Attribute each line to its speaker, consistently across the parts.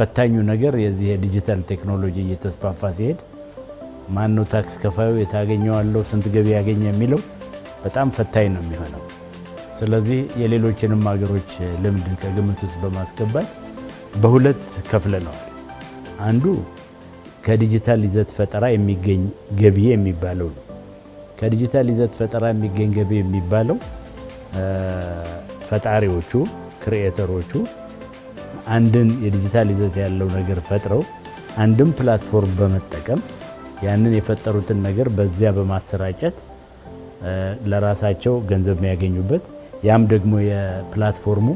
Speaker 1: ፈታኙ ነገር የዚህ የዲጂታል ቴክኖሎጂ እየተስፋፋ ሲሄድ ማነው ታክስ ከፋዩ የታገኘዋለው ስንት ገቢ ያገኘ የሚለው በጣም ፈታኝ ነው የሚሆነው። ስለዚህ የሌሎችንም ሀገሮች ልምድ ከግምት ውስጥ በማስገባት በሁለት ከፍለነዋል። አንዱ ከዲጂታል ይዘት ፈጠራ የሚገኝ ገቢ የሚባለው ነው። ከዲጂታል ይዘት ፈጠራ የሚገኝ ገቢ የሚባለው ፈጣሪዎቹ ክሪኤተሮቹ አንድን የዲጂታል ይዘት ያለው ነገር ፈጥረው አንድን ፕላትፎርም በመጠቀም ያንን የፈጠሩትን ነገር በዚያ በማሰራጨት ለራሳቸው ገንዘብ የሚያገኙበት ያም ደግሞ የፕላትፎርሙ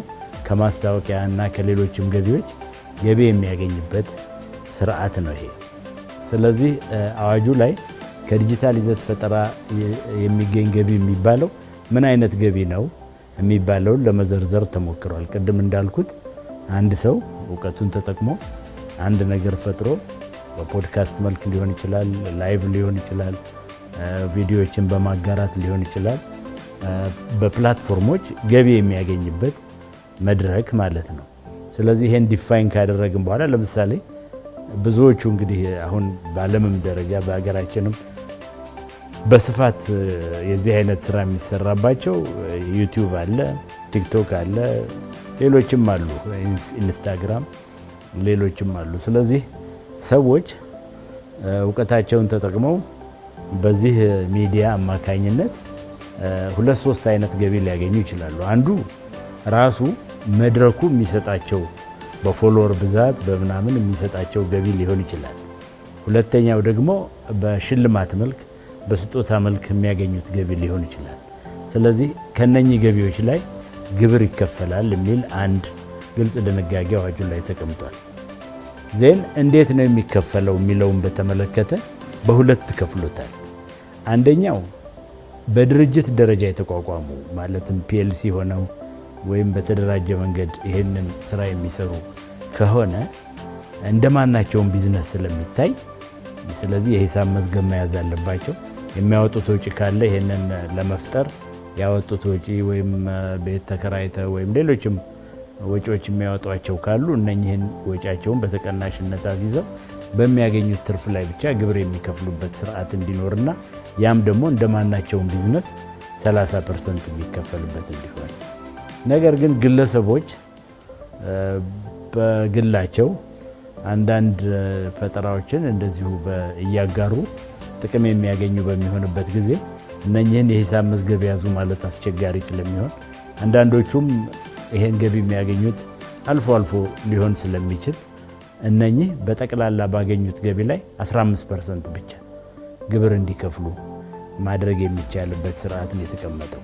Speaker 1: ከማስታወቂያ እና ከሌሎችም ገቢዎች ገቢ የሚያገኝበት ስርዓት ነው ይሄ። ስለዚህ አዋጁ ላይ ከዲጂታል ይዘት ፈጠራ የሚገኝ ገቢ የሚባለው ምን አይነት ገቢ ነው የሚባለውን ለመዘርዘር ተሞክሯል። ቅድም እንዳልኩት አንድ ሰው እውቀቱን ተጠቅሞ አንድ ነገር ፈጥሮ በፖድካስት መልክ ሊሆን ይችላል፣ ላይቭ ሊሆን ይችላል፣ ቪዲዮዎችን በማጋራት ሊሆን ይችላል፣ በፕላትፎርሞች ገቢ የሚያገኝበት መድረክ ማለት ነው። ስለዚህ ይሄን ዲፋይን ካደረግን በኋላ ለምሳሌ ብዙዎቹ እንግዲህ አሁን በዓለምም ደረጃ በሀገራችንም በስፋት የዚህ አይነት ስራ የሚሰራባቸው ዩቲዩብ አለ፣ ቲክቶክ አለ ሌሎችም አሉ፣ ኢንስታግራም፣ ሌሎችም አሉ። ስለዚህ ሰዎች እውቀታቸውን ተጠቅመው በዚህ ሚዲያ አማካኝነት ሁለት ሶስት አይነት ገቢ ሊያገኙ ይችላሉ። አንዱ ራሱ መድረኩ የሚሰጣቸው በፎሎወር ብዛት በምናምን የሚሰጣቸው ገቢ ሊሆን ይችላል። ሁለተኛው ደግሞ በሽልማት መልክ በስጦታ መልክ የሚያገኙት ገቢ ሊሆን ይችላል። ስለዚህ ከነኚህ ገቢዎች ላይ ግብር ይከፈላል የሚል አንድ ግልጽ ድንጋጌ አዋጁ ላይ ተቀምጧል። ዜን እንዴት ነው የሚከፈለው የሚለውን በተመለከተ በሁለት ከፍሎታል። አንደኛው በድርጅት ደረጃ የተቋቋሙ ማለትም ፒኤልሲ ሆነው ወይም በተደራጀ መንገድ ይህንን ስራ የሚሰሩ ከሆነ እንደማናቸውም ቢዝነስ ስለሚታይ፣ ስለዚህ የሂሳብ መዝገብ መያዝ አለባቸው። የሚያወጡት ውጭ ካለ ይህንን ለመፍጠር ያወጡት ወጪ ወይም ቤት ተከራይተ ወይም ሌሎችም ወጪዎች የሚያወጧቸው ካሉ እነኚህን ወጪያቸውን በተቀናሽነት አዚዘው በሚያገኙት ትርፍ ላይ ብቻ ግብር የሚከፍሉበት ስርዓት እንዲኖርና ያም ደግሞ እንደማናቸውም ቢዝነስ 30 ፐርሰንት የሚከፈልበት እንዲሆን። ነገር ግን ግለሰቦች በግላቸው አንዳንድ ፈጠራዎችን እንደዚሁ እያጋሩ ጥቅም የሚያገኙ በሚሆንበት ጊዜ እነኚህን የሂሳብ መዝገብ ያዙ ማለት አስቸጋሪ ስለሚሆን አንዳንዶቹም ይሄን ገቢ የሚያገኙት አልፎ አልፎ ሊሆን ስለሚችል እነኚህ በጠቅላላ ባገኙት ገቢ ላይ 15 ፐርሰንት ብቻ ግብር እንዲከፍሉ ማድረግ የሚቻልበት ስርዓት ነው የተቀመጠው።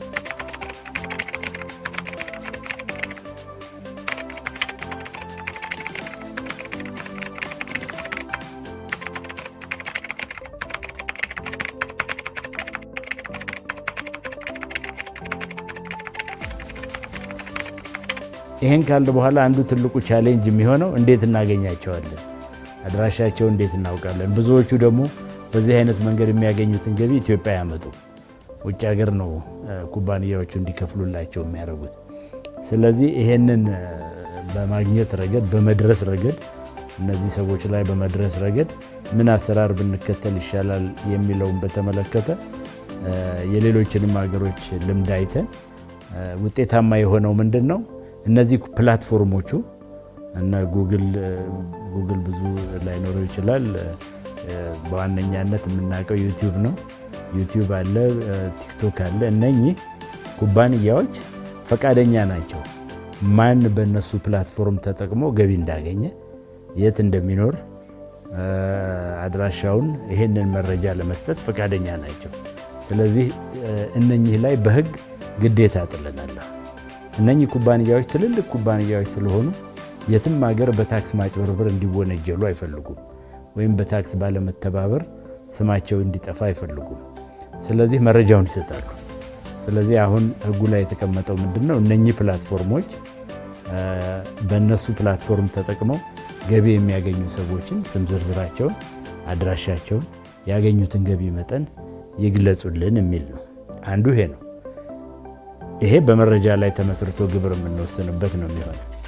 Speaker 1: ይሄን ካለ በኋላ አንዱ ትልቁ ቻሌንጅ የሚሆነው እንዴት እናገኛቸዋለን፣ አድራሻቸው እንዴት እናውቃለን። ብዙዎቹ ደግሞ በዚህ አይነት መንገድ የሚያገኙትን ገቢ ኢትዮጵያ ያመጡ ውጭ ሀገር ነው ኩባንያዎቹ እንዲከፍሉላቸው የሚያደርጉት። ስለዚህ ይሄንን በማግኘት ረገድ በመድረስ ረገድ እነዚህ ሰዎች ላይ በመድረስ ረገድ ምን አሰራር ብንከተል ይሻላል የሚለውን በተመለከተ የሌሎችንም ሀገሮች ልምድ አይተን ውጤታማ የሆነው ምንድን ነው እነዚህ ፕላትፎርሞቹ እና ጉግል ብዙ ላይኖረው ይችላል። በዋነኛነት የምናውቀው ዩቲዩብ ነው። ዩቲዩብ አለ፣ ቲክቶክ አለ። እነኚህ ኩባንያዎች ፈቃደኛ ናቸው። ማን በእነሱ ፕላትፎርም ተጠቅሞ ገቢ እንዳገኘ፣ የት እንደሚኖር አድራሻውን፣ ይሄንን መረጃ ለመስጠት ፈቃደኛ ናቸው። ስለዚህ እነኚህ ላይ በህግ ግዴታ ጥለናለሁ። እነኚህ ኩባንያዎች ትልልቅ ኩባንያዎች ስለሆኑ የትም ሀገር በታክስ ማጭበርበር እንዲወነጀሉ አይፈልጉም፣ ወይም በታክስ ባለመተባበር ስማቸው እንዲጠፋ አይፈልጉም። ስለዚህ መረጃውን ይሰጣሉ። ስለዚህ አሁን ህጉ ላይ የተቀመጠው ምንድን ነው? እነኚህ ፕላትፎርሞች በእነሱ ፕላትፎርም ተጠቅመው ገቢ የሚያገኙ ሰዎችን ስም ዝርዝራቸውን፣ አድራሻቸውን፣ ያገኙትን ገቢ መጠን ይግለጹልን የሚል ነው። አንዱ ይሄ ነው። ይሄ በመረጃ ላይ ተመስርቶ ግብር የምንወስንበት ነው የሚሆነው።